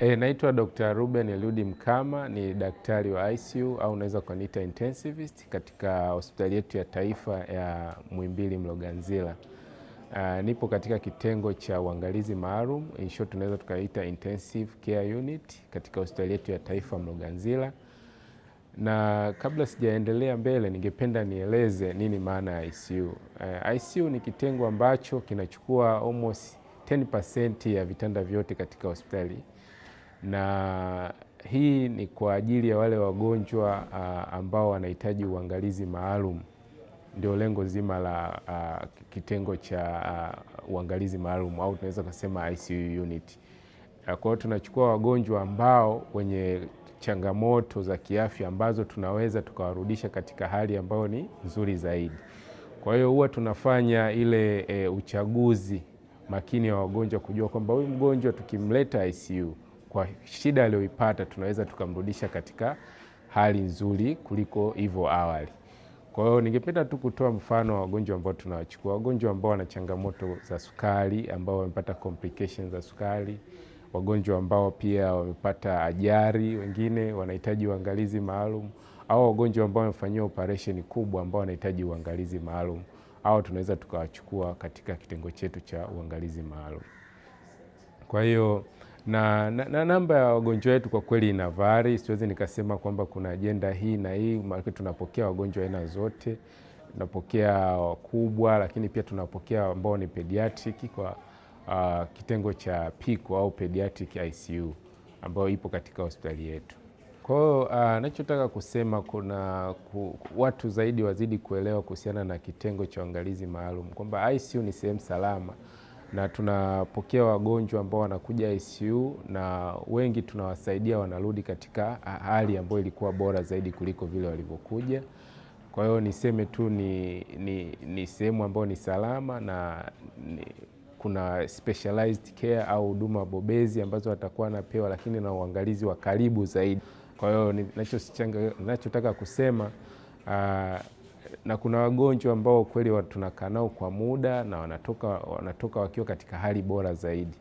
E, naitwa Dr. Ruben Eliud Mkama, ni daktari wa ICU au unaweza kuniita intensivist katika hospitali yetu ya taifa ya Muhimbili Mloganzila. Uh, nipo katika kitengo cha uangalizi maalum, in short tunaweza tukaita intensive care unit katika hospitali yetu ya taifa Mloganzila. Na kabla sijaendelea mbele, ningependa nieleze nini maana ya ICU. Uh, eh, ICU ni kitengo ambacho kinachukua almost 10% ya vitanda vyote katika hospitali na hii ni kwa ajili ya wale wagonjwa uh, ambao wanahitaji uangalizi maalum. Ndio lengo zima la uh, kitengo cha uh, uangalizi maalum au tunaweza kusema ICU unit. Kwa hiyo tunachukua wagonjwa ambao wenye changamoto za kiafya ambazo tunaweza tukawarudisha katika hali ambayo ni nzuri zaidi. Kwa hiyo huwa tunafanya ile e, uchaguzi makini wa wagonjwa kujua kwamba huyu mgonjwa tukimleta ICU kwa shida aliyoipata tunaweza tukamrudisha katika hali nzuri kuliko hivyo awali. Kwa hiyo ningependa tu kutoa mfano wa wagonjwa ambao tunawachukua, wagonjwa ambao wana changamoto za sukari, ambao wamepata complications za sukari, wagonjwa ambao pia wamepata ajali, wengine wanahitaji uangalizi maalum, au wagonjwa ambao wamefanyiwa operation kubwa, ambao wanahitaji uangalizi maalum, au tunaweza tukawachukua katika kitengo chetu cha uangalizi maalum. Kwa hiyo na, na, na namba ya wagonjwa wetu kwa kweli inavari. Siwezi nikasema kwamba kuna ajenda hii na hii, maana tunapokea wagonjwa aina zote, tunapokea wakubwa, lakini pia tunapokea ambao ni pediatric kwa uh, kitengo cha piko e au pediatric ICU ambayo ipo katika hospitali yetu. Kwa hiyo anachotaka ah, kusema kuna ku, watu zaidi wazidi kuelewa kuhusiana na kitengo cha uangalizi maalum kwamba ICU ni sehemu salama na tunapokea wagonjwa ambao wanakuja ICU na wengi tunawasaidia wanarudi katika ah, hali ambayo ilikuwa bora zaidi kuliko vile walivyokuja. Kwa hiyo niseme tu ni, ni, ni sehemu ambayo ni salama na ni, kuna specialized care au huduma bobezi ambazo watakuwa wanapewa, lakini na uangalizi wa karibu zaidi. Kwa hiyo ninachotaka kusema uh, na kuna wagonjwa ambao kweli tunakaa nao kwa muda na wanatoka, wanatoka wakiwa katika hali bora zaidi.